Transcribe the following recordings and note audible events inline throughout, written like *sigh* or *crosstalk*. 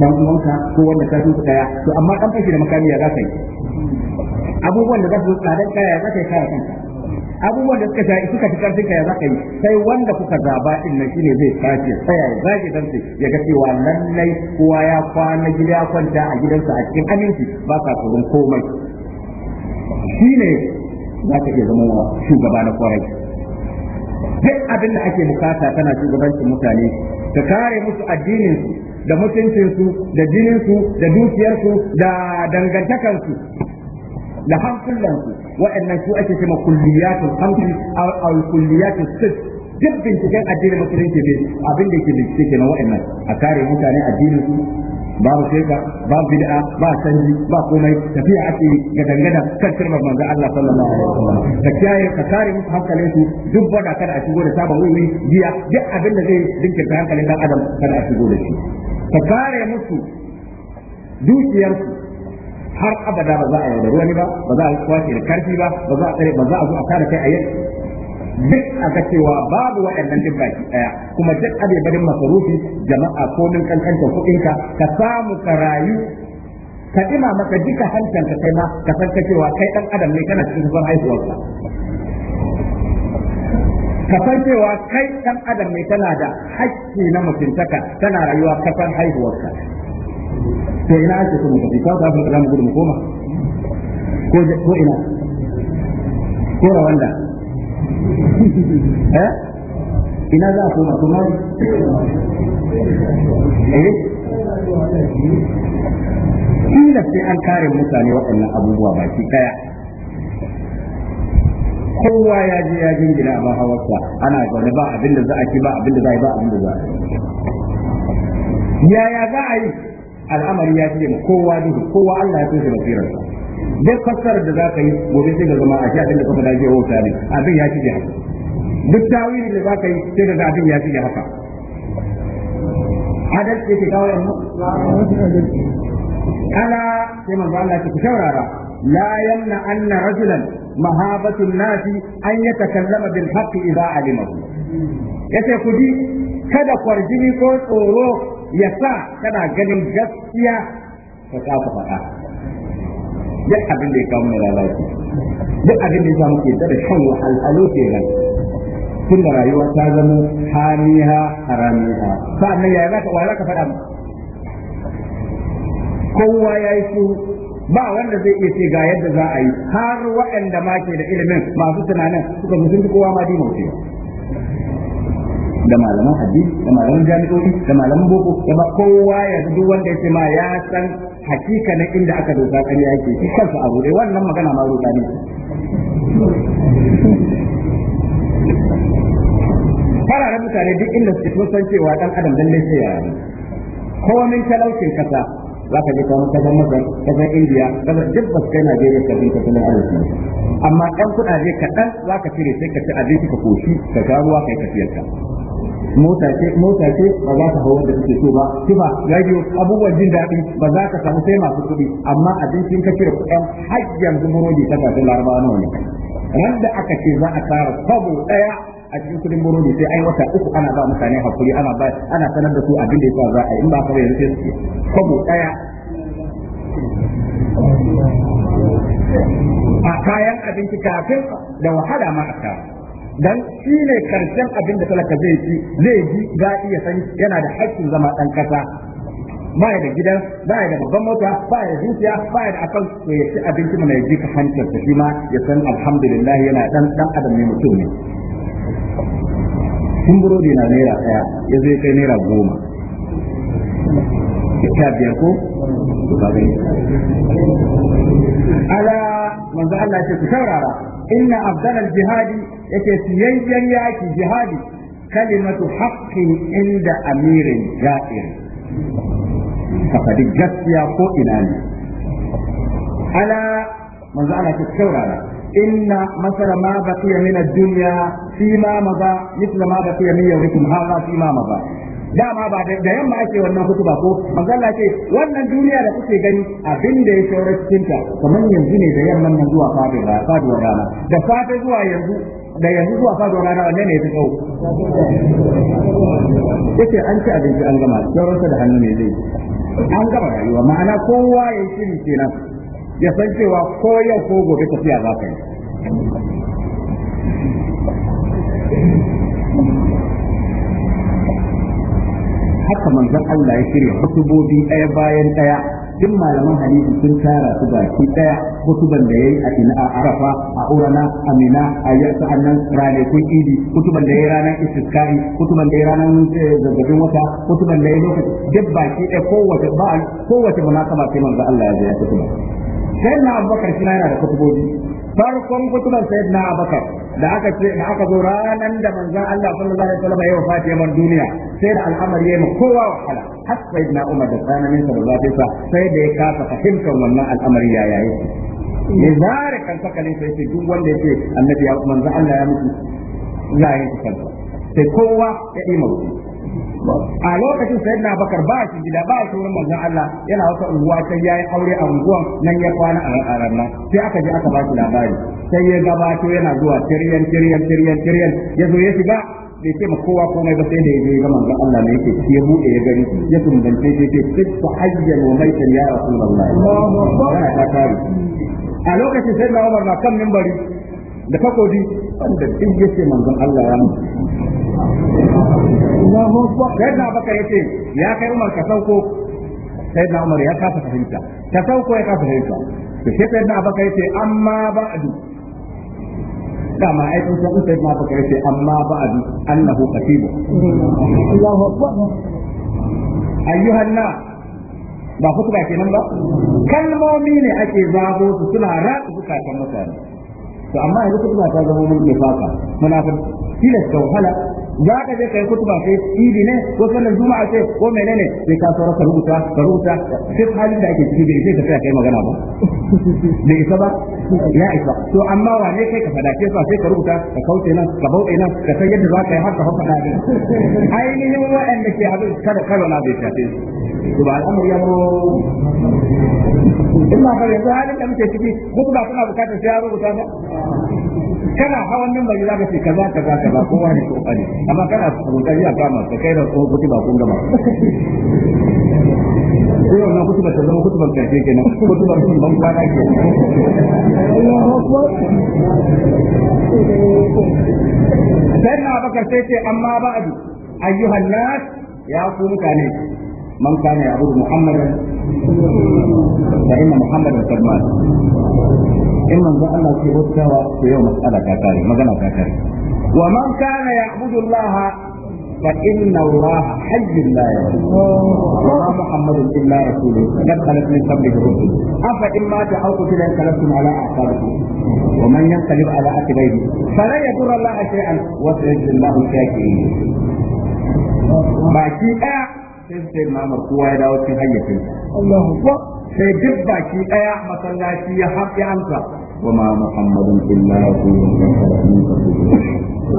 dan uwanka ko wanda ka fi kaya, to amma dan fashi da makami ya zaka yi abubuwan da za su tsadar kaya ya zaka yi kaya kanka abubuwan da suka sha suka fi karfin ya zaka yi sai wanda kuka zaba din nan shine zai tashi tsaya ya zage sai ya ga cewa lallai kowa ya kwana gida ya kwanta a gidansa a cikin aminci ba ka tsoron komai shine za ka iya zama shugaba na kwarai duk abin da ake bukata tana shugabancin mutane ka kare musu addinin da mutuncinsu da jininsu da dukiyarsu da dangantakansu da hankulansu waɗannan su ake cewa kulliyatul hamsi aw kulliyatul sitt duk binciken addinin musulunci ne abin da ke bincike ke nan a kare mutane addinin su babu sheka ba bid'a ba sanji ba komai tafiya ake ga dangana kan sirrin manzo Allah sallallahu alaihi wasallam ka kiyaye ka kare musu hankalin su duk wanda kada a shigo da sabon wuri giya duk abin da zai dinkin hankalin dan adam kada a shigo da shi ka kare musu dukiyarsu har abada ba za a da wani ba ba za a kwashe da karfi ba ba za a tsare ba za a zo a kare kai a yi. duk a ga cewa babu waɗannan duk baki ɗaya kuma duk barin masarufi jama'a ko komin kankancin kuɗinka ka samu ka rayu ka ɗima maka duka hancanka kai ma ka san cewa kai ɗan adam ne kana cikin zuwan haihuwarka ka san cewa kai dan adam ne tana da hakki na mutuntaka tana rayuwa kasan haihuwarka to ina ake so mu tafi ta ta fara mu gudu mu koma ko ko ina ko wanda? *laughs* eh ina za ku masu mari eh ina sai an kare mutane waɗannan abubuwa baki daya kowa ya je ya jingina a hawarsa ana zaune ba abin da za a ci ba abin da za a yi ba abin da za a yi yaya za a yi al'amari ya ce ma kowa duhu kowa Allah ya toshe basirarsa duk fassarar da za ka yi gobe sai ka zama a shi abin da kafa faɗa jiya wauta ne abin ya ci haka duk tawili da za ka yi sai ka ga abin ya ci haka adalci yake kawo yamma ala sai manzo Allah ya ce ku shaurara la yamna anna rajulan mahabatu nasi an yatakallama bil haqqi idza alimahu yace ku ji kada kwarjini ko tsoro ya sa kana ganin gaskiya ka kafa faɗa duk abin da ya kawo mana lalaci duk abin da ya samu ke da shan wahalhalu ke nan tun da rayuwa ta zama hamiha haramiha sa'annan yaya za ka waya za ka faɗa kowa ya yi su ba wanda zai iya ce ga yadda za a yi har waɗanda ma ke da ilimin masu tunanin suka mutunta kowa ma dima wucewa da malaman hadisi da malaman jami'o'i da malaman boko da ba kowa ya duk wanda ya ce ma ya san hakika na inda aka doka ya ke shi kansa a dai wannan magana ma roƙa ne fararen mutane duk inda suke san cewa dan adam lallai sai ya rayu komin talaucin kasa za ka je kamar kasar masar kasar indiya kasar duk ba su kai najeriya ka bin tattalin arziki amma ɗan kuɗaɗe kaɗan za ka cire sai ka ci abinci ka koshi ka sha ruwa kai ka mota ce mota ce ba za ka hawa da kake so ba kiba radio abubuwan jin daɗi ba za ka samu sai masu kuɗi amma abincin ka cire kuɗin har yanzu burodi ta kasar larabawa nawa ne ran da aka ce za a kara kwabo ɗaya a cikin kudin burodi sai ai wata uku ana ba mutane hakuri ana ba ana sanar da su abin da yasa za a yi in ba ka yanzu sai su kwabo daya a kayan abinci kafin da wahala ma a dan shi ne karshen abin da talaka zai ci zai ji ga iya sani yana da haƙƙin zama dan kasa ba da gidan ba da babban mota ba da zuciya ba da akan to ya ci abinci mai jika hancin shi ma ya san alhamdulillah yana dan dan adam ne mutum ne Kun burodi na naira ɗaya ya zai kai naira goma sha biyar ko ala manzo Allah ce ku saurara inna abdal jihadi yake siyayyen yaki jihadi kalimatu haqqin inda amirin ja'ir fakadi gaskiya ko ina ne ala manzo Allah ce ku saurara إن مثلا ما بقي من الدنيا فيما مضى مثل ما بقي من يومكم هذا فيما مضى dama ba da yamma ake wannan hutuba ko manzo ce wannan duniya da kuke gani abin da ya shaura cikin ta kamar yanzu ne da yamman nan zuwa faduwa faduwa rana da fata zuwa yanzu da yanzu zuwa faduwar rana wanne ne fi kawo yace an ci abinci an gama sauransa da hannu ne zai an gama rayuwa ma'ana kowa ya shiri kenan ya san cewa ko yau ko gobe tafiya za ka yi haka manzon Allah ya shirya hutubobi ɗaya bayan ɗaya duk malaman hadisi sun tara su baki ɗaya hutuban da yayi a ina a arafa a urana a mina a nan rane ranakun idi hutuban da yi ranar istiskari hutuban da yi ranar eh, zazzabin wata hutuban da yi lokaci duk baki ɗaya kowace ba kowace munasaba sai manzon Allah ya je ya hutuba sayyidina abubakar shi yana da kutubobi farkon kutuban sayyidina abubakar da aka ce da aka zo ranan da manzon Allah sallallahu alaihi wasallam ya wafati duniya sai da al'amari ya ma kowa wahala har na Umar da tsananin sa da zafinsa sai da ya kasa fahimtar wannan al'amari ya yayi ne zare kan ne sai ce duk wanda yake annabi ya manzon Allah ya mutu za a yi kansa sai kowa ya yi mauti a lokacin sai na bakar ba shi gida ba shi wurin manzon Allah yana wata unguwa sai yayi aure a unguwan nan ya kwana a ranar sai aka je aka ba shi labari sai ya gabato yana zuwa tiryan tiryan tiryan tiryan ya zo ya shiga bai ce ma kowa komai ba sai da ya je ga manzon Allah ne yake ya bude ya gani ya tumbance shi ce fitu hayyan wa maitan ya rasulullahi Allahu akbar a lokacin sai na Umar na kan minbari da fakodi wanda duk yace manzon Allah ya mutu sai na baka yace ya kai umar ka sauko sai na umar ya kasa fahimta ka sauko ya kasa fahimta to sai sai na baka yace amma ba'du dama ai sun san sai na baka yace amma ba'du annahu qatibu Allahu akbar ayyuhan nas ba kutuba kenan ba kalmomi ne ake zabo su suna ratsa zukatan mutane to amma yanzu kutuba ta zama mun ke faka munafiki Kila ka wahala za ka je kai kutuba kai idi ne ko sallar juma'a ce ko menene sai ka saurara ka rubuta ka rubuta duk halin da ake ciki bai sai ka tsaya kai magana ba *laughs* bai isa ba ya isa to amma wane kai ka fada ke sa sai ka rubuta ka kauce nan ka bauɗe nan ka san yadda za ka yi har ka faɗa din *laughs* ainihin waɗanda ke abin kada kada na bai shafe su ba al'amari ya zo in ma ka yanzu halin da muke ciki kutuba suna bukatar sai ya rubuta ba kana hawan nan bai zaka ce kaza kaza kaza kowa ne kokari amma kana kokari a kama ka kai da kuɗi ba kun gama yau na kutuba ta zama kutuban karshe kenan kutuban sun ban kwana ke sai na baka sai ce amma ba abi ayyuhan nas ya ku mutane man kana ya abu muhammadan fa inna muhammadan qad in manzo Allah ke hutawa to yau matsala ta kare magana ta kare wa man kana ya'budu Allah fa inna Allah hajju Allah wa ma Muhammadun illa rasul dakhala fi sabri rusul afa in ma ta'awtu fil kalatum ala aqabikum wa man yaqlib ala aqibihi fala yadur Allah shay'an wa sayajid Allah shakirin baki ɗaya sai sai mamar kowa ya dawo cikin hanyar sa Allahu akbar sai duk baki daya masallaci ya haƙi amsa wa ma muhammadun illa rasulun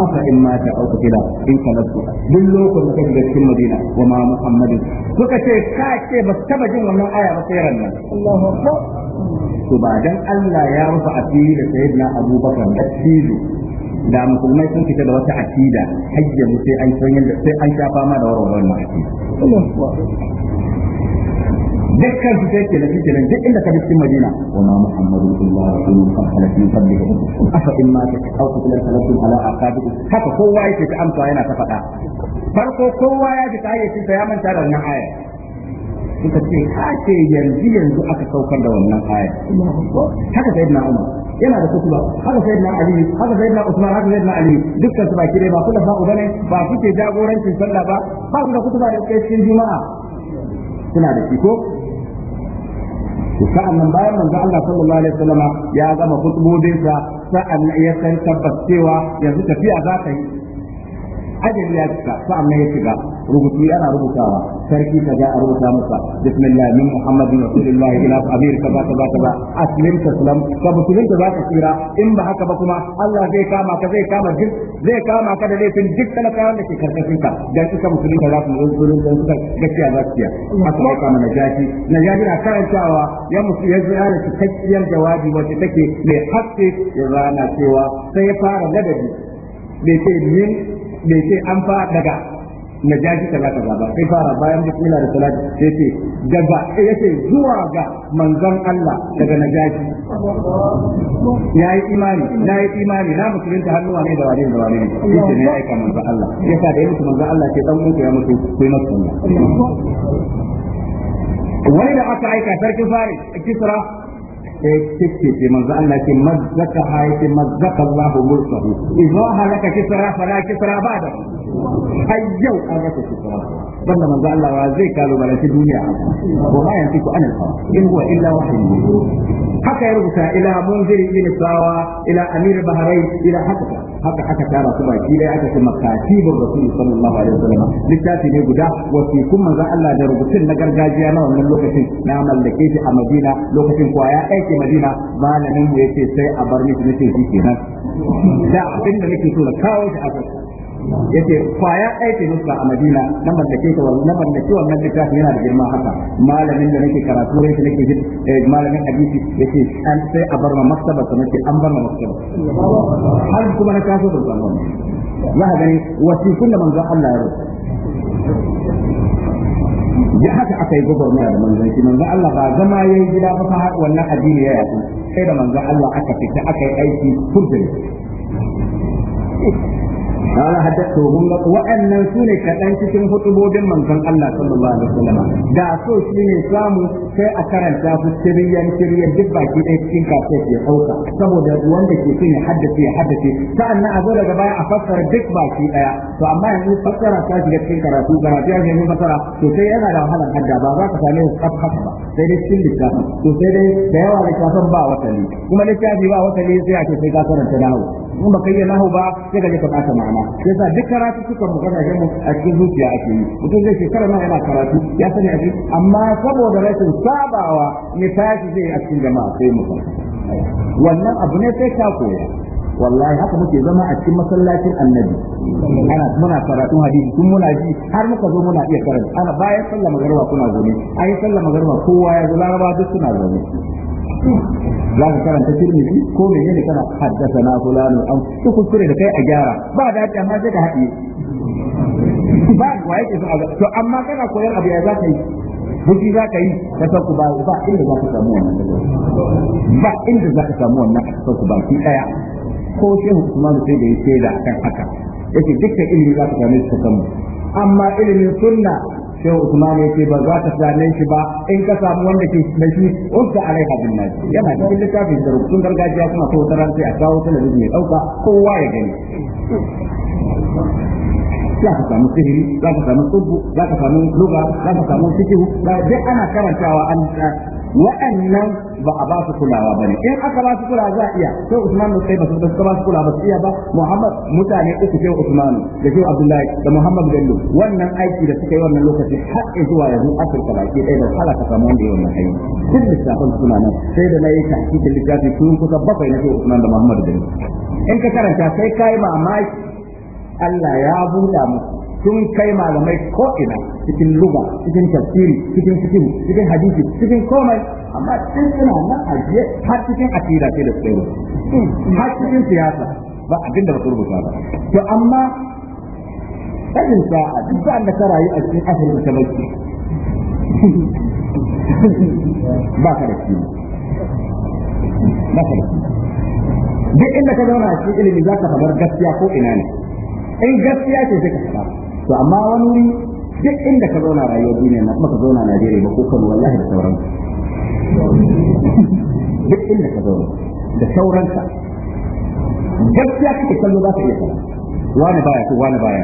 aka in mata au kutila in kalasu duk lokacin da kake cikin madina wa ma muhammadin suka ce ka ce ba taba jin wannan aya ba sai ran nan Allahu akbar to ba dan Allah ya rufa asiri da sayyidina Abubakar da tilu da musulmai sun fita da wata akida hajjar sai an san yadda sai an shafa ma da warwaron na akida dukkan su sai ke nafi kenan duk inda ka bi cikin Madina wa ma Muhammadu illa rasulun qad khalat min qablihi afa in ma ta aw ta lan khalaqtum ala aqabikum haka kowa yake ta amsa yana ta faɗa farko kowa ya ji kai shi ya manta da wannan aya suka ce ce yanzu yanzu aka saukar da wannan aya haka sai na Umar yana da kutuba haka sai na Ali haka sai na Usman haka sai na Ali dukkan su ba kire ba kula ba ubane ba kuke jagorancin sallah ba ba ku da kutuba da kai cikin juma'a suna da shi ko to sa'an nan bayan manzo Allah sallallahu alaihi wasallam ya gama khutubobinsa sa'an ya san tabbas cewa yanzu tafiya za ta yi ajali ya cika sa'an nan ya shiga rubutu ana rubutawa sarki kaza a rubuta masa bismillah min muhammadin rasulullah ila amir kaza kaza kaza aslim taslam ka musulunta za ka tsira in ba haka ba kuma Allah zai kama ka zai kama duk zai kama ka da laifin duk talakawan da ke karkashin ka dan suka musulunta za su musulunta suka gaskiya za su ciya haka ya kama najashi najashi na karantawa ya musu ya zira da cikakkiyar jawabi wacce take mai haske ya rana cewa sai ya fara ladabi bai ce min bai ce an fa daga najashi kaza kaza ba sai fara bayan bismillah da salati sai ce daga yace zuwa ga manzon Allah daga najashi yayi imani yayi imani na musulunta hannu ne da wani da wani shi ne aika manzon Allah yasa da yake manzon Allah ke dan uku ya mutu sai masa wani da aka aika sarkin fari kisra sai kike manzo Allah ke mazzaka hayati mazzaka Allah mulkahu idza halaka kisra fala kisra ba'da hayyau an raka kisra banda manzo Allah wa zai kalu balaki duniya ko ma yantiku anil hawa in huwa illa wahyun haka ya rubuta ila munziri ibn sawa ila amir bahrain ila haka haka aka tara su baki dai aka ce makatibin rasul sallallahu alaihi wasallam littafi ne guda wasikun manzo Allah da rubutun na gargajiya na wannan lokacin na mallake shi a Madina lokacin kuwa ya aike Madina malamin mu yace sai a bar miki nake shi kenan da abinda nake so na kawo shi a yace kwaya ɗaya ce nuska a Madina na mallake ta wannan mallake wannan littafi yana da girma haka malamin da nake karatu rai nake jin eh, malamin hadisi yace an sai a bar ma maktaba ta nake an bar ma maktaba har kuma na kaso da zaman za ka gani wasikun da manzo Allah ya rubuta ya haka aka yi gwagwarmaya da manzon shi manzon Allah ba zama yayi gida ba fa wannan addini ya yaku sai da manzo Allah aka fita aka yi aiki kullum قال حدثته هم وان سوني كان cikin hutubobin manzon Allah sallallahu alaihi wasallam da so shi ne samu sai a karanta su kiriyan kiriyan duk baki ɗaya cikin kafin ya sauka saboda wanda ke cikin haddace ya haddace sa'annan a zo daga baya a fassara duk baki ɗaya to amma yanzu fassara ta shiga cikin karatu karatu ya shiga fassara to sai yana da wahalar hadda ba za ka same su kaf ba sai dai cikin littafin to sai dai da yawa littafin ba watanni kuma littafi ba watanni sai a ce sai ka karanta dawo in ba yi lahu ba sai ka je ka bata ma'ana yasa duk karatu suka mu kana mu a cikin zuciya ake yi mutum zai shekara ma yana karatu ya sani a amma saboda rashin sabawa ne tashi zai a cikin jama'a sai mu wannan abu ne sai ka koya wallahi haka muke zama a cikin masallacin annabi ana muna karatun hadisi tun muna ji har muka zo muna iya karanta ana bayan sallah magarwa kuna zaune ayi sallah magarwa kowa ya zo laraba duk suna zaune za ka karanta tirmidhi ko ne kana haddasa na fulano an ku kuskure da kai a gyara ba da ta ma sai ka haɗiye ba ko yake so to amma kana koyar abu ya za ka yi hukunci za ka yi ka ku ba ba inda za ka samu wannan ba inda za ka samu wannan ka ku ba ki daya ko shehu da sai da yake da akan haka yake dukkan ilimi za ka samu shi ta amma ilimin sunna shehu usman yake ba za ka same shi ba in ka samu wanda ke da shi unta alaiha bin nas yana cikin littafin da rubutun gargajiya kuma ko taran sai a kawo talabijin ya dauka kowa ya gani za ka samu sihiri za ka samu tsubbu za ka samu luga za ka samu fikihu da duk ana karantawa an waɗannan ba a ba su kulawa ne in aka ba su kulawa za a iya sai Usman bin Kaifa sun ba su kulawa ba su iya ba Muhammad mutane uku sai Usman da sai Abdullahi da Muhammad Bello wannan aiki da suka yi wannan lokaci har zuwa yanzu Afirka baki ɗaya da halaka samu wanda ya wannan aiki duk lissafin suna nan sai da na yi tahqiqin littafi sun kusa bakwai na sai Usman da Muhammad Bello in ka karanta sai kai mamaki Allah ya buɗa musu sun kai malamai ko ina cikin luga cikin tafsiri cikin cikin cikin hadisi cikin komai amma sun suna nan ajiye har cikin akida sai da tsoro har cikin siyasa ba abin da ba su rubuta ba to amma kajin sa'a duk sa'an da ka rayu a cikin asirin ta baki *laughs* ba ka da kima ba ka da kima duk inda ka zauna a cikin ilimi za ka faɗar gaskiya ko ina ne in gaskiya ce sai ka faɗa to amma wani wuri duk inda ka zauna rayuwar duniya na kuma ka zauna Najeriya ba ko kan wallahi da sauran duk inda ka zauna da sauranka gaskiya kake kallo za ka iya kalla wani baya ko wani baya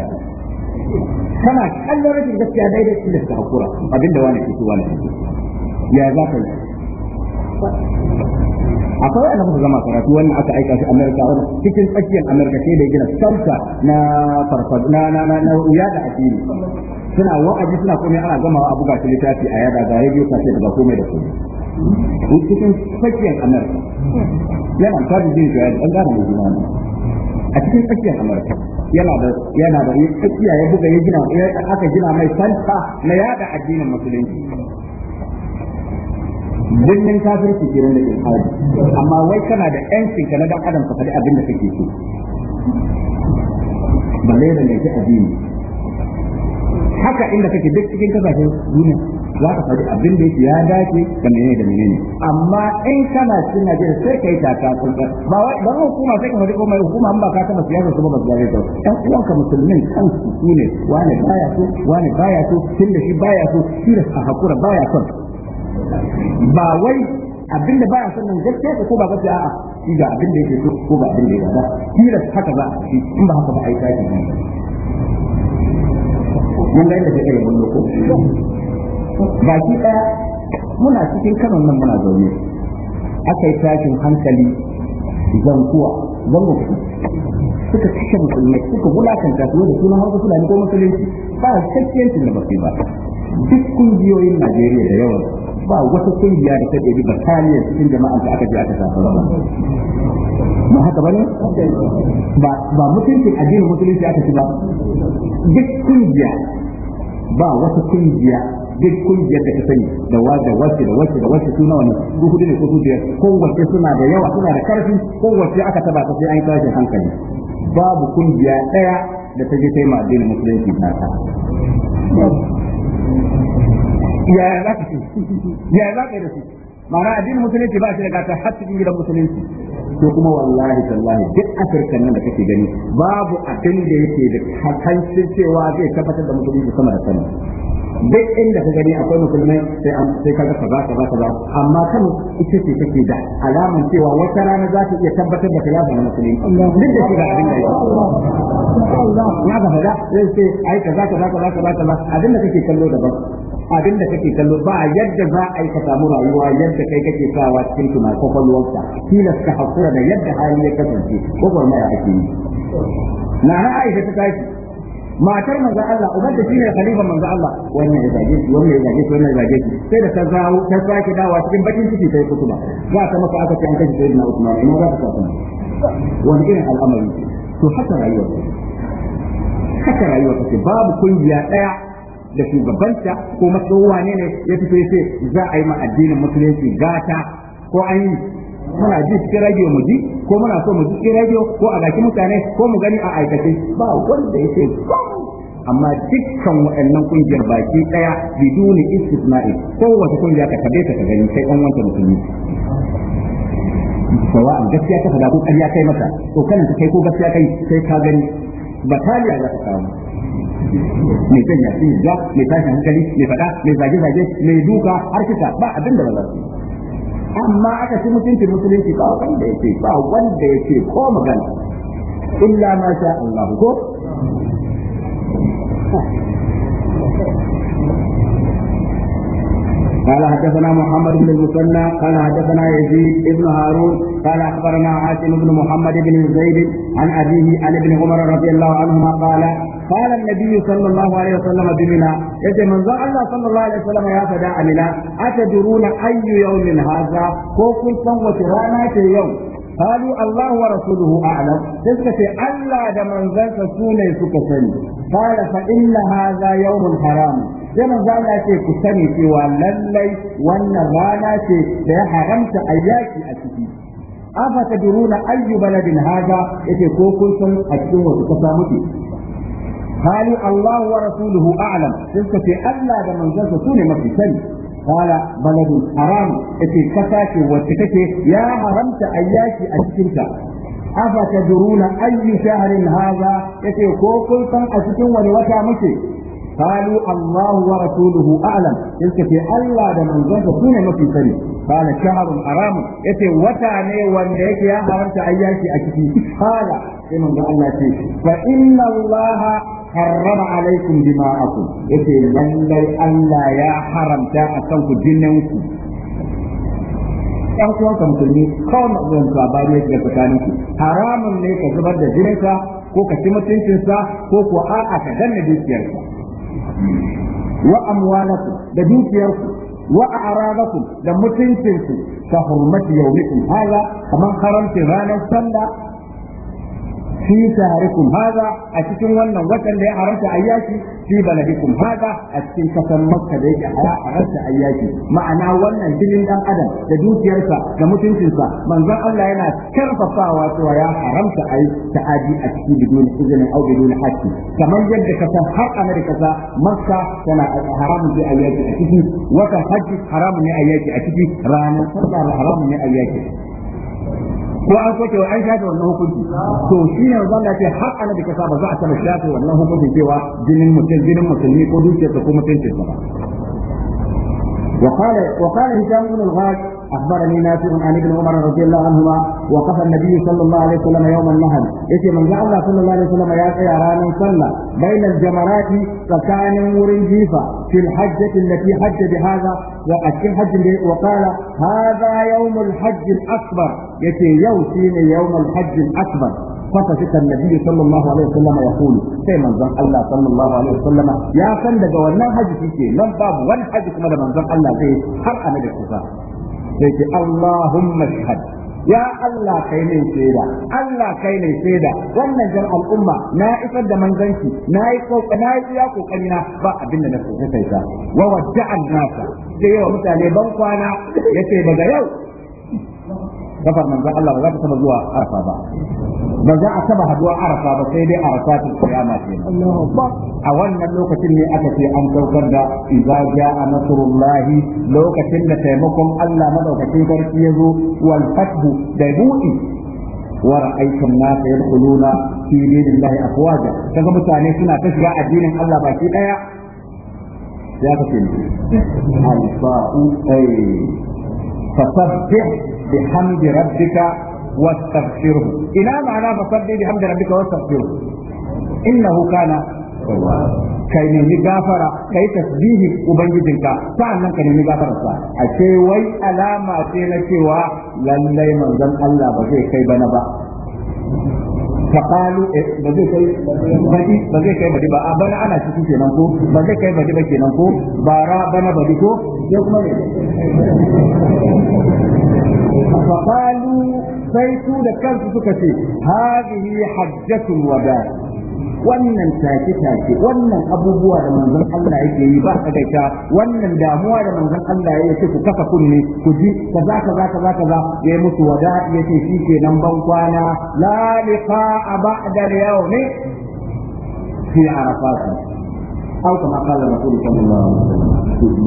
kana kallon rashin gaskiya daidai inda ka hakura abinda wani ke so wani ya za ka yi akwai wanda suka zama karatu wannan aka aika shi Amerika wani cikin tsakiyar Amerika ke da gina sarka na farfad na na na wuya da asiri suna wa'aji suna komai ana gamawa a buga su littafi a yada ga rediyo kashe daga komai da komai cikin tsakiyar Amerika yana fadi jin da an gane da juna a cikin tsakiyar Amurka, yana da yana da tsakiya ya buga ya gina aka gina mai santa na yada addinin musulunci dindin kafirci ke nan da ilhadi amma wai kana da yancin ka na dan adam ka faɗi abin da kake so balle da ne addini haka inda kake duk cikin kasashen duniya za ka faɗi abin da ya dace ga mene da mene ne amma in kana cikin Najeriya sai kai taka kulka ba wai ba hukuma sai ka faɗi komai hukuma an ba ka taba siyasa su ba ba siyasa ta ɗan ka musulmin kan su ne wani baya so wani baya so tun da shi baya so shi da hakura baya so ba wai abinda baya son nan gaskiya ko ba gaske a'a shi ga abinda yake so ko ba abinda ya ba kila haka ba a in ba haka ba ai kaji mun ga inda take da wannan ko Ba ki da muna cikin kanon nan muna zaune aka yi tashin hankali zankuwa zango suka mu musulmai suka wulakanta su da sunan hausa fulani ko musulunci ba a cikakken da ba ba duk kungiyoyin najeriya da yawa. ba wata kungiya da ta ba kariya cikin jama'a da aka je aka tafi ba haka bane ba ba mutunci addinin musulunci aka ci ba duk kungiya ba wata kungiya duk kungiya da ta sani da wace da wace da wace da wace su nawa ne su hudu ne ko su biyar kowace suna da yawa suna da karfi kowace aka taba ta sai an yi tashin hankali babu kungiya ɗaya da ta je taimaka ma addinin musulunci na ta yaya za ka ce yaya za ka yi da su ma'ana addinin musulunci ba shi da gata har cikin gidan musulunci to kuma wallahi tallahi duk afirkan nan da kake gani babu abin da yake da hakancin cewa zai tabbatar da musulunci sama da sama duk inda ka gani akwai musulmai sai an sai kaga kaza kaza kaza amma kan ita ce take da alaman cewa wata rana za ta iya tabbatar da khilafa na musulmi duk da shi ga abin da yake ya ga fada zai ce ai kaza zaka zaka zaka zaka abinda kake kallo daban abinda kake kallo ba yadda za a yi ka samu rayuwa yadda kai kake sawa cikin tuna kwakwalwarka tilasta hakura da yadda hali ya kasance kwakwalmaya ake yi na har ta tashi matar manzo Allah uban da shine khalifa manzo Allah wannan ya zage shi wannan ya zage shi wannan ya zage shi sai da ta zawo ta sake dawa cikin bakin ciki sai kutuba za ta maka aka ce an kashe sayyidina Usman ina za ta kafa irin al'amari to haka rayuwa ta haka rayuwa ta babu kungiya daya da shugabanta ko matsowa ne ne ya fito ya ce za a yi ma addinin musulunci gata ko an yi muna ji cikin radio mu ji ko muna so mu ji cikin radio ko a gaki mutane ko mu gani a aikace ba wanda ya ce amma dukkan waɗannan kungiyar baki daya biduni istisna'i kowace kungiya ka tabe ka gani sai an wanta musulmi sawa'an gaskiya ka faɗa ko ƙarya kai mata to kanin ta kai ko gaskiya kai sai ka gani bataliya za ta kawo mai kan yasin ja mai tashi hankali mai faɗa mai zage-zage mai duka har kika ba abin da ba za su amma aka ci mutuncin musulunci ba wanda ya ce ba wanda ya ce ko magana illa ma sha Allah ko قال حدثنا محمد بن المثنى قال حدثنا يزيد بن هارون قال اخبرنا عاصم بن محمد بن زيد عن ابيه عن ابن عمر رضي الله عنهما قال قال النبي صلى الله عليه وسلم بمنا يجي من ذا الله صلى الله عليه وسلم يا فدا أمنا أتدرون أي يوم هذا كوكل صوة رانا يوم قالوا الله ورسوله أعلم تلك في ألا دمن ذا سكوني سكسني قال فإن هذا يوم حرام sai za Allah ce ku sani cewa lallai wannan rana ce da ya haramta ayyaki a ciki afa tadruna ayyu baladin ya ce ko kun san a cikin wata kasa muke قالوا الله ورسوله أعلم تلك في ألا ce جزء سنة ya haramta سنة قال بلد حرام Afa كفاك واتكك na حرمت أياك أتكنت أفتدرون أي شهر هذا إتي a cikin wani wata muke. قالوا الله ورسوله أعلم يسكت الله ده من ذنب سنة ما في سنة قال شهر حرام يسي وتعني وانيك يا حرمت أياتي أكتي قال إن الله فإن الله حرم عليكم دماءكم يسي لله الله يا حرم حرمت أسوك جننكم ɗan uwanka musulmi kawai matsayin labari ya shiga tsakaninku haramun ne ka zubar da jininka ko ka ci mutuncinsa ko kuwa a'a ka danna dukiyarsa wa amwalakum da dukiyarku wa a'radakum da mutuncinku ta hurmati yawmikum hada kamar karanta ranar sallah fi shahrikum hadha a cikin wannan watan da ya haramta ayyaki fi baladikum hadha a cikin kasan makka da yake haramta ayyaki ma'ana wannan jinin dan adam da dukiyarsa da mutuncinsa manzon Allah yana karfafawa cewa ya haramta ayi ta'adi a cikin bidon izinin au bidon haqqi kamar yadda kasar san har America za makka tana haramun ne ayyaki a ciki wata hajji haramun ne ayyaki a ciki ranar sallah haramun ne ayyaki ko an soke wa an shafe wannan hukunci to shi ne wanda ce har ana da kasa ba za a taba shafe wannan hukunci cewa jinin mutum jinin musulmi ko dukiyarsa ko mutuncinsa ba وقال وقال هشام بن الغاز أخبرني نافع عن ابن عمر رضي الله عنهما وقف النبي صلى الله عليه وسلم يوم النهر يتي من الله صلى الله عليه وسلم يا سيران صلى بين الجمرات فكان ورن جيفا في الحجة التي حج بهذا وقد حج وقال هذا يوم الحج الأكبر يتي يوم يوم الحج الأكبر فسكت النبي صلى الله عليه وسلم يقول sai من Allah الله صلى الله عليه وسلم يا wannan haji في nan babu باب haji kuma da manzon الله فيه حرق a sai ki Allahumma shahad ya Allah kai ne shaida Allah kai ne shaida wannan jan al'umma na isar da manzanci na yi na yi kokari na ba abin da na kuka kai ta wa wadda'an nasa sai yawa mutane ban kwana yace daga yau kafar manzo Allah ba za ta taba zuwa arfa ba ba za a taba haduwa arafa ba sai dai arafa ta kiyama ce a wannan lokacin ne aka ce an saukar da idza jaa nasrullahi lokacin da taimakon Allah madaukakin sarki ya zo wal fathu da bu'i wa ra'aytu an-nasa yadkhuluna fi dinillahi afwaja kaga mutane suna ta shiga addinin Allah baki daya ya kace al-fa'u ay eh, fasabbih bihamdi rabbika واستغفره إلى معنى فصدي بحمد ربك واستغفره إنه كان kai ni gafara kai tasbihi ubangijinka sa'annan ka ni gafara sa a ce wai alama ce na cewa lallai manzon Allah ba zai kai bana ba faƙalu ba zai kai badi ba zai kai badi ba a bana ana ciki kenan ko ba zai kai badi ba kenan ko bara bana badi ko sai kuma ne فقالوا سيتو da kansu suka ce hadhihi hajjatul wada wannan take take wannan abubuwa da manzon Allah yake yi ba kadaita wannan damuwa da manzon Allah ya ce ku kafa kunne ku ji kaza kaza kaza Ya yayi musu wada ya ke nan ban kwana la liqa'a ba'da al-yawm fi arafat aw kama qala rasul sallallahu alaihi wasallam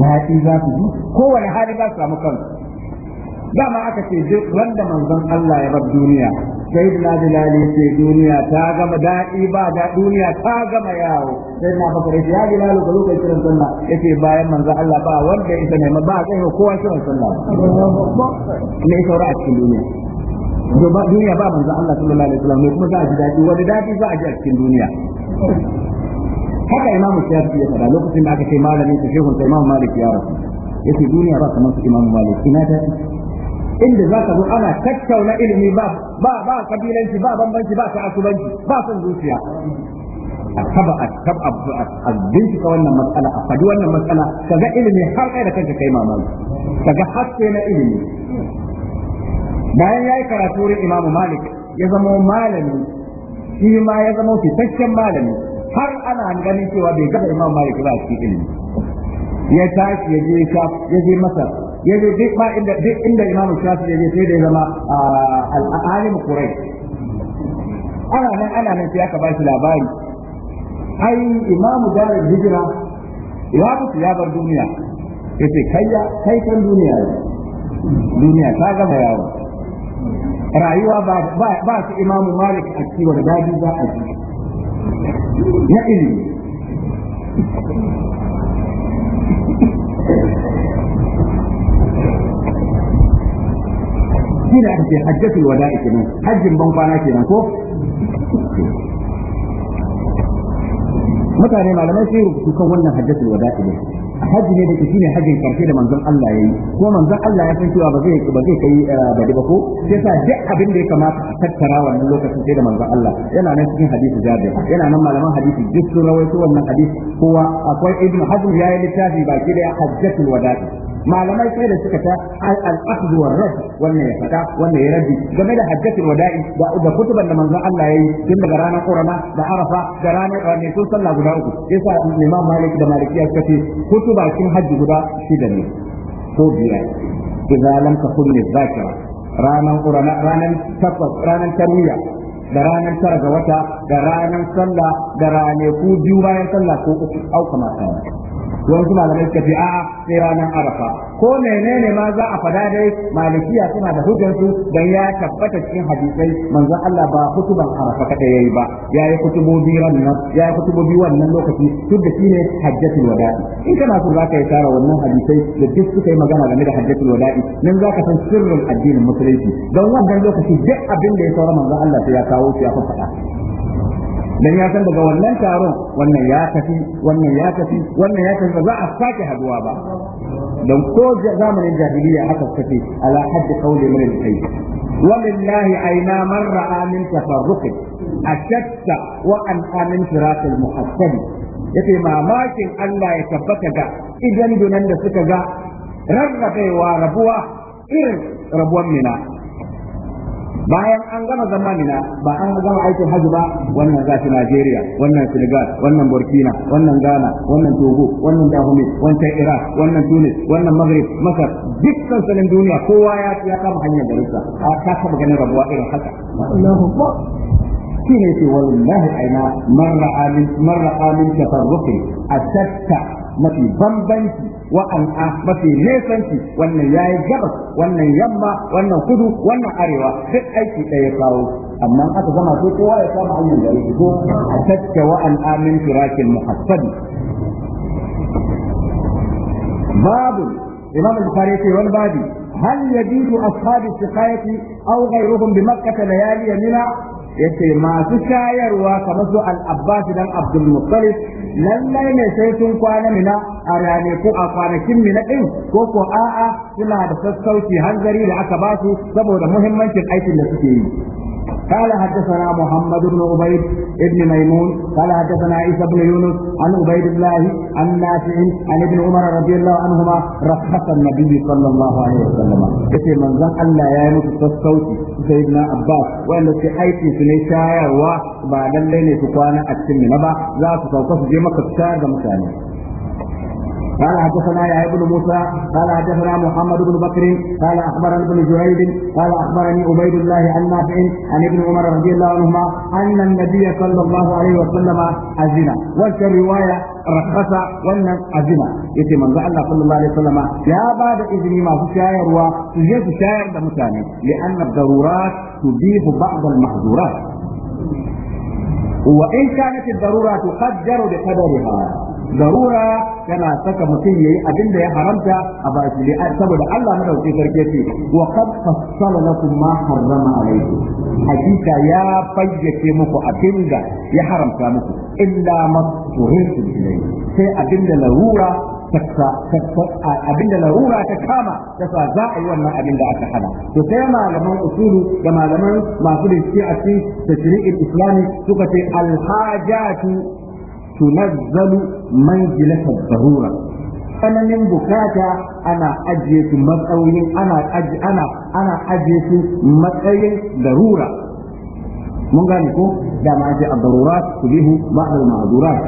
ba ti za su ji kowane hali ba su samu kansu dama aka ce duk wanda manzon Allah ya bar duniya sai da bilali ce duniya ta gama daɗi ba da duniya ta gama yawo sai na bakar ya bilali ka zo kai kiran sallah yace bayan manzon Allah ba wanda ya ne ba zai ga kowa kiran sallah ne saura a cikin duniya duniya ba manzon Allah sallallahu alaihi wasallam kuma za a ji daɗi wani daɗi za a ji a cikin duniya haka imam shafi ya faɗa lokacin da aka ce malamin su shehun sai imam malik ya rasu yace duniya ba kamar su imam malik ina daɗi inda za ka zo ana tattauna ilimi ba ba ba kabilanci ba bambanci ba ta asubanci ba son zuciya asaba asab abu asbinci ka wannan matsala a faɗi wannan matsala kaga ilimi har kai da kanka kai mamaki kaga haske na ilimi bayan yayi karatu wurin Imam Malik ya zama malami shi ma ya zama fitaccen malami har ana ganin cewa bai gaba Imam Malik ba a cikin ilimi ya tashi ya je ya je Masar yaje duk ba inda duk inda imamu shafi'i yaje sai da ya zama al-alim qurai ana nan ana nan sai aka ba shi labari ai imamu darul hijra ya mutu ya bar duniya yace kayya kai kan duniya duniya ta gama yawo rayuwa ba ba su imamu malik a cikin da dadi za a ji na ilimi shi ne aka ce hajjatul wada'i kenan hajjin ban kwana kenan ko mutane malamai sai rubutu kan wannan hajjatul wada'i ne hajji ne da ke shine hajjin karshe da manzon Allah yayi ko manzon Allah ya san cewa ba zai ba zai kai eh, bade ba ko sai sa duk abin da ya kamata a tattara wannan lokacin sai da manzon Allah yana nan cikin hadisi Jabir yana nan malaman hadisi duk sun rawaito wannan hadisi kowa akwai Ibn Hazm ya yi littafi baki da Hajjatul Wada'i malamai sai da suka ta al-aqd wa rad wannan ya fada wannan ya rabi game da hajjatul wada'i da kutuban da manzon Allah yayi tun daga ranar Qurana da Arafa da ranar ranar sun sallah guda uku yasa Imam Malik da Malikiya suka ce kutuba kin hajji guda shida ne ko biyar idza lam takun zakira ranan ranan takwas ranan tarwiya da ranan tara ga wata da ranan sallah da ku biyu bayan sallah ko uku auka mata wasu malamai suka ce a'a sai ranar arafa ko menene ma za a fada dai malikiya suna da hujjarsu dan ya tabbata cikin hadisai manzon Allah ba kutuban arafa kada yayi ba yayi kutubobi ranar yayi kutubobi wannan lokaci duk da shine hajjatul wada'i in kana so za ka yi tara wannan hadisai da duk suka yi magana game da hajjatul wada'i nan za ka san sirrin addinin musulunci don wannan lokaci duk abin da ya saura manzon Allah sai ya kawo shi ya faɗa dan ya san daga wannan taron wannan ya tafi wannan ya tafi wannan ya tafi ba za a sake haduwa ba dan ko zamanin jahiliya haka tafi ala haddi qawli min al-hayy ولله عينا من رأى من تفرق أشد وأنقى من فراق المحسن yake mamakin Allah ya tabbata ga idan dunan da suka ga rarrabewa rabuwa irin rabuwan mina bayan an gama zamanina ba an gama aikin hajji ba wannan za su Najeriya wannan Senegal wannan Burkina wannan Ghana wannan Togo wannan Dahomey wannan Iraq wannan Tunis wannan Maghrib Masar dukkan sanin duniya kowa ya ya kama hanyar garinsa a ka kama ganin rabuwa irin haka Allahu Akbar shine ce wallahi aina man min tafarruqi atatta mafi bambanci wa'an'a mafi nesanci wannan ya yi gabas wannan yamma wannan kudu wannan arewa duk aiki ɗaya kawo amma aka zama sai kowa ya samu hanyar da yake ko a tacce wa'an'a min firakin muhassadi babu imam al-bukhari yace wani babi هل يجوز أصحاب السقاية أو غيرهم بمكة ليالي منى yace masu shayarwa kamar su al-Abbas dan Abdul Muttalib lallai ne sai sun kwana mina a rane ko a kwanakin mina din ko ko a'a suna da sassauci hanzari da aka ba su saboda muhimmancin aikin da suke yi قال حدثنا محمد بن عبيد بن ميمون قال حدثنا عيسى بن يونس عن عبيد الله عن نافع عن ابن عمر رضي الله عنهما رخص النبي صلى الله عليه وسلم يتي من ذا الله يا يموت الصوت سيدنا عباس وان في حيث سنه شايروا بعد الليل سكوانا اتمنا با ذا سوف سجي مكة شاير مكاني قال حدثنا يا ابن موسى قال حدثنا محمد بن بكر قال اخبرنا ابن جريد قال اخبرني عبيد الله عن نافع عن ابن عمر رضي الله عنهما ان النبي صلى الله عليه وسلم عزنا وش الروايه رخص ولا عزنا يتي ان الله صلى الله عليه وسلم يا بعد اذن ما في شاعر وتجيب شاعر لان الضرورات تبيح بعض المحظورات وان كانت الضروره تقدر بقدرها garura yana saka mutum yayi abin da ya haramta a baki saboda Allah madauki sarki ce wa qad fassala lakum ma harrama alaykum hakika ya fayyace muku abin da ya haramta muku illa ma tuhirtum ilayhi sai abin da larura abin da larura ta kama ta sa za a yi wannan abin da aka hana to sai malaman usulu da malaman masu da a cikin tashri'il islami suka ce alhajatu tunazzalu manzilata darura tsananin bukata ana ajiye su ana ajiye su matsayin darura mun gane ko da ma ji ad-darurat tubihu ba'd al-ma'durat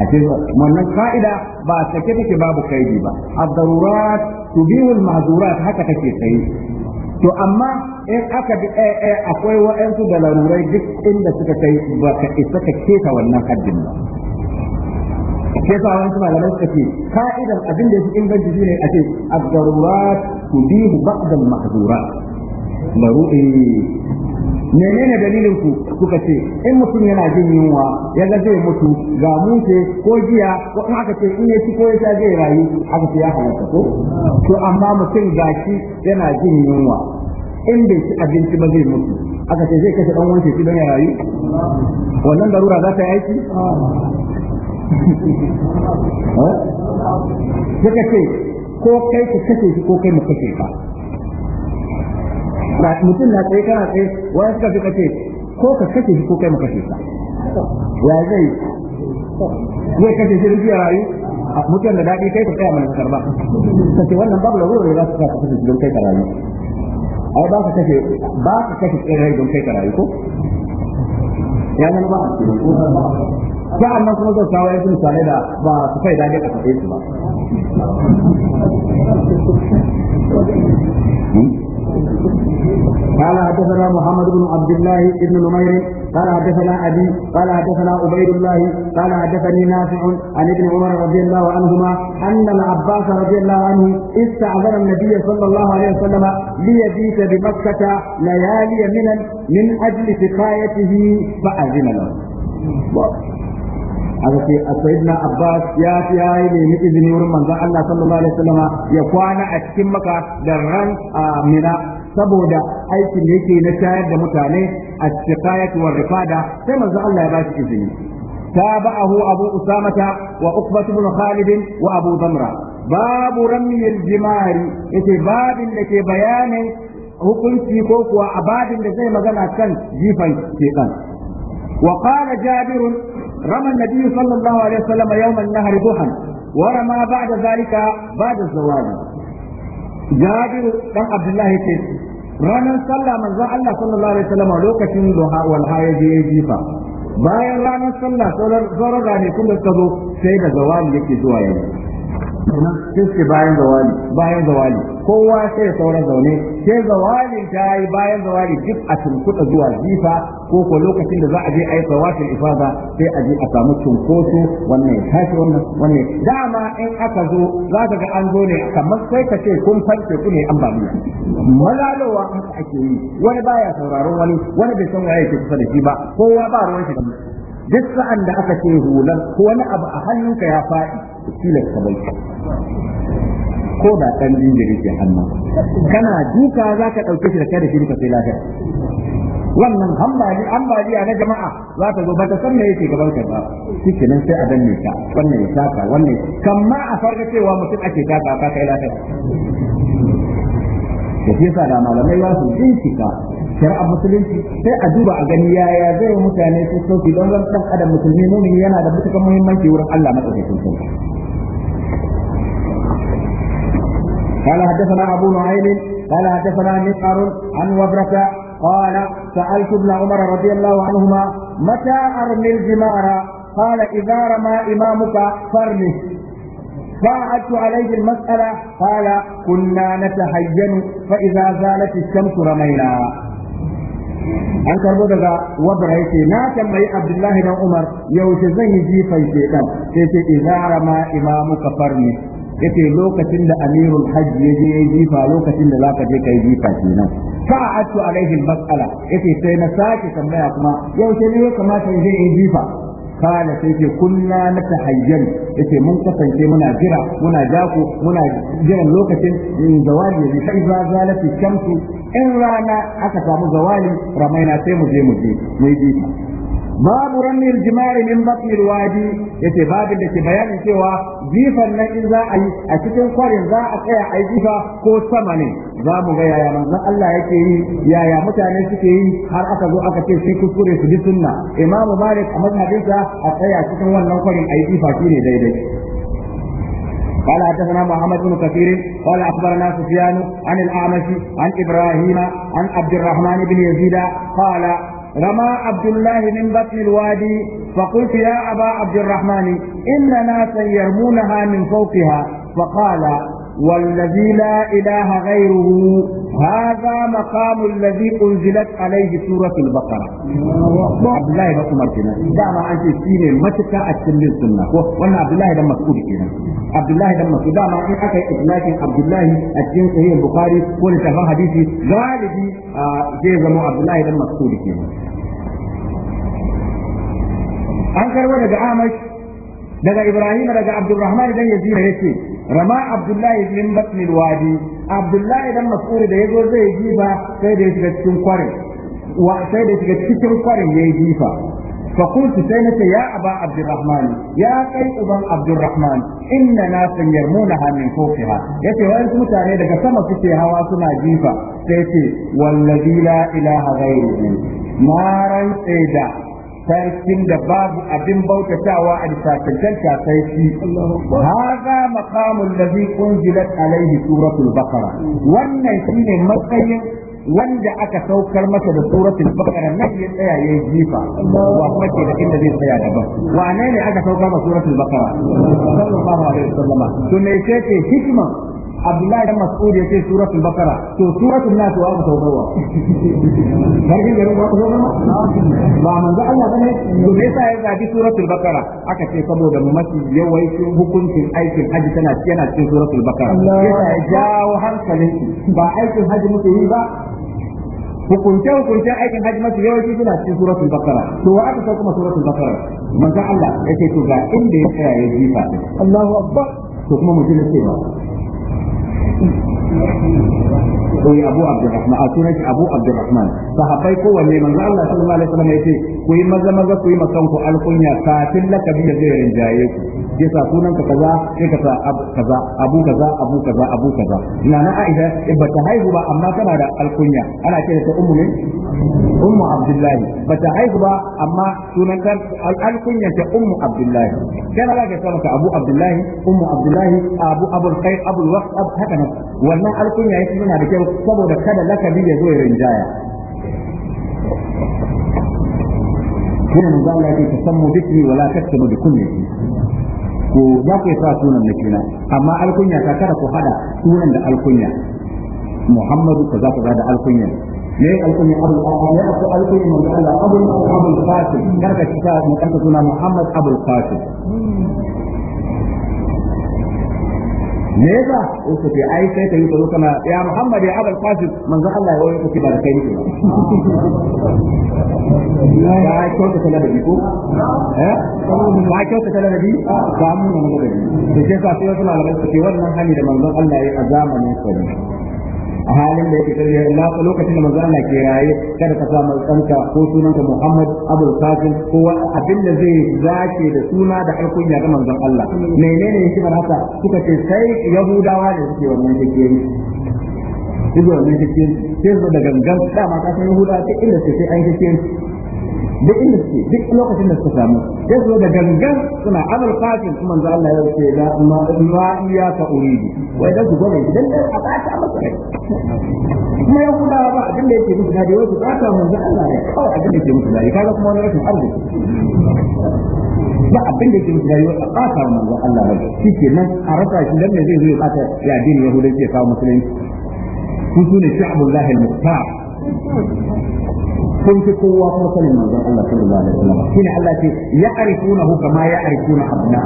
a cikin wannan ka'ida ba sake take babu kaidi ba ad-darurat tubihu haka take tsaye to amma in aka bi ɗaya eh, eh, akwai waɗansu da larurai duk inda suka kai ba ka isa ka keta wannan haddin ba ke sa wani suna da suka ce ka'idar abin da su inganci shine a ce ad-darurat tubihu ba'd al menene dalilin ku kuka ce in mutum yana jin yunwa ya ga zai mutu ga muke ko jiya ko in aka ce in ya ci ko ya sha zai rayu aka ce ya halatta ko to amma mutum gashi yana jin yunwa in bai ci abinci ba zai mutu aka ce zai kashe dan wanke shi ya rayu wannan darura za ta yi aiki suka *laughs* eh? ce ko kai ka kashe shi ko kai mu kashe ka ba mutum na tsaye kana tsaye wani suka fi kashe ko ka kashe shi ko kai mu kashe ka ya zai zai kashe shi rufiya rayu mutum da daɗi kai ka tsaya mana karba kace wannan babu da za su kashe shi don kai ka rayu ai ba ka kashe ba ka kashe tsirrai don kai ka rayu ko ya zama ba a cikin kuma zai kawo yanzu misalai da ba su kai dage a faɗe su ba قال حدثنا محمد بن عبد الله بن نمير قال حدثنا أبي قال حدثنا عبيد الله قال حدثني نافع عن ابن عمر رضي الله عنهما أن العباس رضي الله عنه استعذر النبي صلى الله عليه وسلم ليبيت بمكة ليالي من من أجل سقايته فأذن له aka ce a sayyidina abbas ya ya yi nemi izini wurin manzon Allah sallallahu alaihi wasallama ya kwana a cikin maka da ran a mina saboda aikin da yake na tayar da mutane a shiqayat wa rifada sai manzo Allah ya ba shi izini تابعه أبو أسامة وعقبة بن خالد وأبو ضمرة باب رمي الجمار babin da ke بيان hukunci ko kuwa abadin da zai magana kan jifan shekan wa qala jabir rama nabi sallallahu alaihi wasallam yawm an-nahr duhan wa rama ba'da zalika ba'da zawali Jabiru ɗan abdullahi ce ranar sallah manzon Allah sallallahu alaihi wasallam lokacin duha wal hayaji ya jifa bayan ranar sallah sauran sauran ranakun da suka zo sai da zawali yake zuwa yanzu kenan sai ce bayan zawali bayan zawali kowa sai ya saura zaune sai zawalin ta yi bayan zawali duk a tunkuɗa zuwa jifa ko ko lokacin da za a je a yi tawafin ifada sai a je a samu cunkoso wannan ya tashi wannan wannan dama in aka zo za ka ga an zo ne kamar sai ka ce kun farce ku ne an ba ambaliya malalowa haka ake yi wani baya sauraron wani wani bai san waye ke kusa da shi ba kowa ba ruwan shi duk sa'an da aka ce hulan ko wani abu a hannunka ya faɗi tilasta bai ko da ɗan jinjiri ke hannu kana duka za ka ɗauke shi da kai da shi duka sai lafiya wannan hambali ambaliya na jama'a za ta zo ba ta san me yake gaban ka ba shike nan sai a danne ka wannan ya saka wannan kamma a farka cewa mutum ake taka ka kai lafiya da shi yasa da malamai za su bincika shari'a musulunci sai a duba a gani yaya zai mutane su sauki don zan dan adam musulmi mumin yana da mutukan muhimmanci wurin Allah sun sauki قال حدثنا أبو نعيم قال حدثنا مقر عن وبركة قال سألت ابن عمر رضي الله عنهما متى أرمي الجمار قال إذا رمى إمامك فارمه فأعدت عليه المسألة قال كنا نتحين فإذا زالت الشمس رمينا أنت karbo daga ما yace na عبد الله بن عمر يوشزني جيفا yi إذا رمى إمامك ce yace lokacin da amirul hajj ya je ya jifa lokacin da zaka je kai jifa kenan fa'atu alaihi al-mas'ala yace sai na sake tambaya kuma yaushe ne ya kamata in je in jifa kala sai ce kunna na tahayyan yace mun kasance muna jira muna jako muna jiran lokacin zawali bi sai za zalat shamsu in rana aka samu zawali ramaina sai mu je mu je mu yi babu ramin jimari min batnil wadi yace babin da ke bayanin cewa jifan nan in za a yi a cikin kwarin za a tsaya a jifa ko sama ne za mu ga yaya manzon Allah yake yi yaya mutane suke yi har aka zo aka ce shi kuskure su bi sunna imamu malik a mazhabinsa a tsaya cikin wannan kwarin a yi jifa shine daidai قال حدثنا محمد بن كثير قال اخبرنا سفيان عن الاعمش عن ابراهيم عن عبد الرحمن بن يزيد قال رمى عبد الله من بطن الوادي فقلت يا أبا عبد الرحمن إن ناسا يرمونها من فوقها فقال والذي لا إله غيره هذا مقام الذي أنزلت عليه سورة البقرة عبد الله بن عمر كنا عن أنت سيني متكا أتسمي السنة وانا عبد الله بن مسعود كنا عبد الله بن مسعود دعنا إن أكي إطلاق عبد الله الجنس هي البخاري ولتفا حديثي غالب جيزة آه عبد الله بن مسعود كنا أنكر ولد عامش إبراهيم لدى عبد الرحمن بن يزيد yace rama abdullahi bin batni alwadi abdullahi dan mas'ul da yazo zai jifa sai da shiga cikin kware wa sai da shiga cikin kware yayi jifa fa qultu sai nace ya aba abdurrahman ya san uban abdurrahman inna nasan yarmunaha min fawqiha yace wai kuma tare daga sama suke hawa suna jifa sai ce wallazi la ilaha ghairuhu maran tsaida sarkin da babu abin bautatawa a lissafincanta sai shi haza maqamul ladhi unzilat alayhi suratul baqara wannan shine matsayin wanda aka saukar masa da suratul baqara nan ya tsaya ya jifa wa kuma ke da inda zai tsaya daban wane ne aka saukar masa suratul baqara sallallahu alaihi wasallam to me ce hikima abdullahi dan mas'ud ya ce suratul bakara to suratul nas wa ku tawbawa gargin garin wa ku tawbawa ba manzo Allah bane to me yasa ya zabi suratul bakara aka ce saboda mafi yawancin hukuncin aikin haji tana yana cin suratul bakara yasa ya jawo hankalin ba aikin haji muke yi ba hukunce hukuncen aikin hajji mafi yawanci suna cikin suratul bakara to wa aka kuma suratul bakara manzo Allah yake to ga inda ya tsaya ya jifa Allahu akbar to kuma mutum ya ce ba koyi abu abdurrahman a sunan shi abu abdurrahman sahabbai kowanne manzo Allah sallallahu alaihi wasallam yace ku yi maza maza koyi yi alkunya kafin lakabi da zai rinjaye ku yasa sunan ka kaza sai ka sa kaza abu kaza abu kaza abu kaza ina na Aisha eh, ba ta haihu ba amma tana da alkunya ana kira ta ummu ne ummu Abdullahi ba ta haihu ba amma sunan ta alkunya ta ummu Abdullahi kana za ka sa maka abu Abdullahi ummu Abdullahi abu abul khair abul waqt haka nan wannan alkunya yake yana da kyau saboda kada lakabi ya zo ya rinjaya هنا من قال لك تسموا wala ولا تكتموا بكلي to za ku sa sunan na kina amma alkunya ta kada ku hada sunan da alkunya Muhammadu za ku da alkunya ne alkunya abul qasim ya ku alkunya da Allah abul abul qasim kada ka ta mun kanta suna Muhammad abul qasim me yasa yake ce ai sai kai tsaro kana ya Muhammad ya Abul Qasim manzo Allah ya wani kuke ba da kai ne ya kyauta ta ladabi ko eh ba kyauta ta ladabi ba mu ne ladabi to sai ka sai wasu malamai su ce wannan hali da manzo Allah ya azama ne ko halin da yake karya na lokacin da manzo Allah ke raye kada ka sa tsanka ko sunanka Muhammad Abdul Qasim ko abin da zai zake da suna da alkunya ga manzon Allah menene yake bar haka suka ce sai Yahudawa da suke wannan cikin Ido wannan cikin sai da gangan dama ka san Yahudawa ta inda sai an cikin da inda suke duk lokacin da suka samu sai su da gangan suna amal fatin kuma manzo Allah ya ce la ma iya ka uridi wai da su gome idan da a ba ta masa kai kuma ya kula ba abin da yake musu dadi wai su tsaka manzo Allah ne kawai abin da yake musu dadi kaga kuma wani rashin arziki ba abin da yake musu dadi wai a tsaka manzo Allah ne shikenan a rasa shi dan me zai zo ya tsaka ya addinin yahudanci ya kawo musulunci su ne sha'abullahi al-muhtar كنت قوة kowa من sanin الله Allah sallallahu alaihi wasallam shine Allah ce ya'rifunahu kama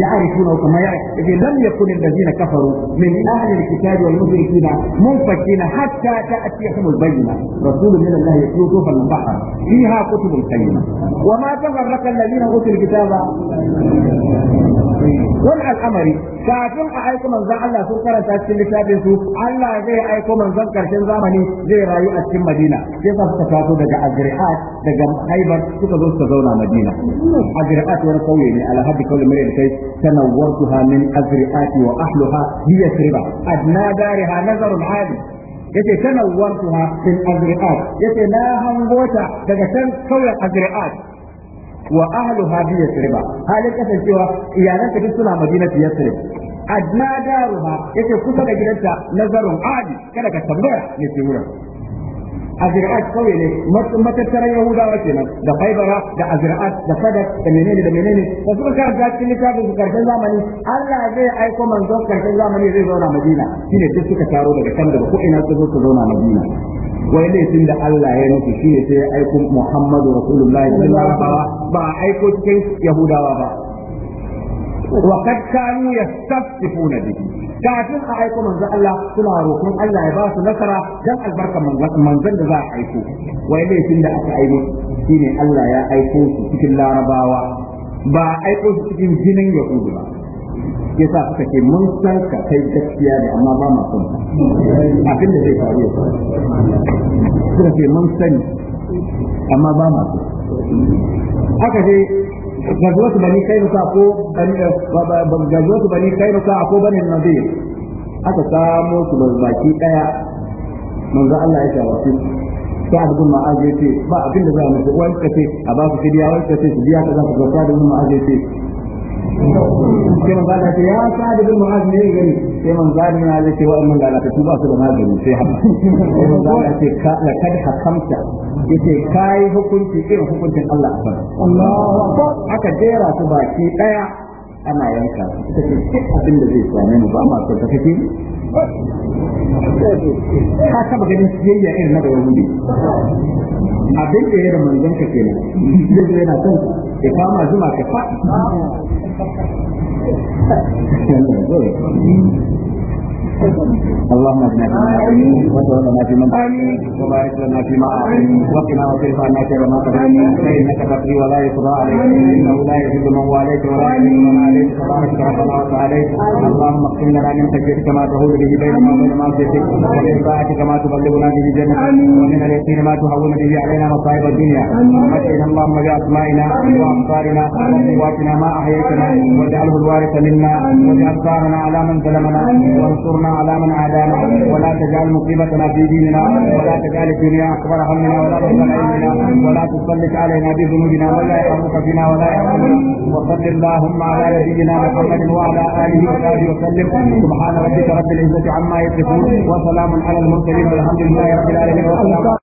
يعرفونه كما يعرف إذا لم يكن الذين كفروا من أهل الكتاب والمشركين منفكين حتى تأتيهم البينة رسول من الله يتلو جوفا البحر فيها كتب قيمة وما تفرق الذين أوتوا الكتاب wani al'amari kafin a aiko manzon Allah sun karanta cikin littafin su Allah zai aiko manzon karshen zamani zai rayu a cikin Madina sai sa suka taso daga Azri'at daga Haibar suka zo suka zauna Madina Azri'at wani kauye ne alhaji kawai mai da kai tanawwartuha min Azri'at wa ahluha hiya Sirba adna dariha nazarul hali yace tanawwartuha min Azri'at yace na hangota daga can kauyen Azri'at wa ahlu hadi yasrib halin kasancewa iyalanta duk suna madinatu yasrib adna daruha yake kusa da gidanta nazarun adi kada ka tambaya ne ke wurin azir'at kawai ne matattaran yahudawa kenan da faibara da azir'at da sadak da menene da menene da suka da cikin littafin su karshen zamani Allah zai aiko manzon karshen zamani zai zauna Madina shine duk suka taro daga kan daga ko ina su zo su zauna Madina wai laifin da Allah ya nufi shi ne sai ya aiko Muhammadu Rasulullahi sallallahu ba aiko cikin Yahudawa ba wa kad kanu yastaftifuna bihi kafin a aiko manzo Allah suna roƙon Allah ya ba su nasara dan albarkar manzon da za a aiko wai laifin da aka aiko shine Allah ya aiko su cikin Larabawa ba aiko su cikin jinin Yahudu ba shi yasa suka ce mun san ka kai gaskiya ne amma ba ma son abin da zai faru suka ce mun sani amma ba ma son haka dai gazuwatu bani ko gazuwatu bani kainuka eh, ko banin nadir aka samo su baki daya manzo Allah ya shawarci sa'ad ma aje yace ba abin da za mu ce wani kace a ba ku fidiya wani kace su biya za ka ga sa'ad bin aje yace sai man zala ce ya sa'ad bin mu'az ne gani sai man zala ya zai ce wa'annan galakatu ba su da magani sai haka sai man zala ce la kad hakamta yace kai hukunci irin hukuncin Allah a sama Allahu aka jera su baki ɗaya ana yanka ita ce duk abin da zai same mu ba ma son ta kake ka taba ganin siyayya irin na da wani abin da ya da manzon ka kenan zai yana son ya kama zuma ka fa 先来个嗯。اللهم اجعلنا فيما يعلمون وتولنا فيما وبارك لنا فيما اعلمون وقنا واصرف عنا شر ما قدرنا فانك تقضي ولا يقضى عليك انه لا يزيد من واليت ولا يزيد من عليك تبارك ربنا وتعاليك اللهم اقسم لنا من خشيتك ما تهول به بيننا وبين معصيتك ومن طاعتك ما تبلغنا به جنتك ومن اليقين ما تهون به علينا مصائب الدنيا ومتعنا اللهم باسمائنا وابصارنا وقواتنا ما احييتنا واجعله الوارث منا واجعل ثارنا على من ظلمنا وانصرنا على من عادانا ولا تجعل مصيبتنا في ديننا ولا تجعل الدنيا اكبر همنا ولا مبلغ علمنا ولا تسلط علينا بذنوبنا ولا يرحمك بنا ولا يرحمنا وصل اللهم على نبينا محمد وعلى اله وصحبه وسلم سبحان ربك رب العزه عما يصفون وسلام على المرسلين والحمد لله رب العالمين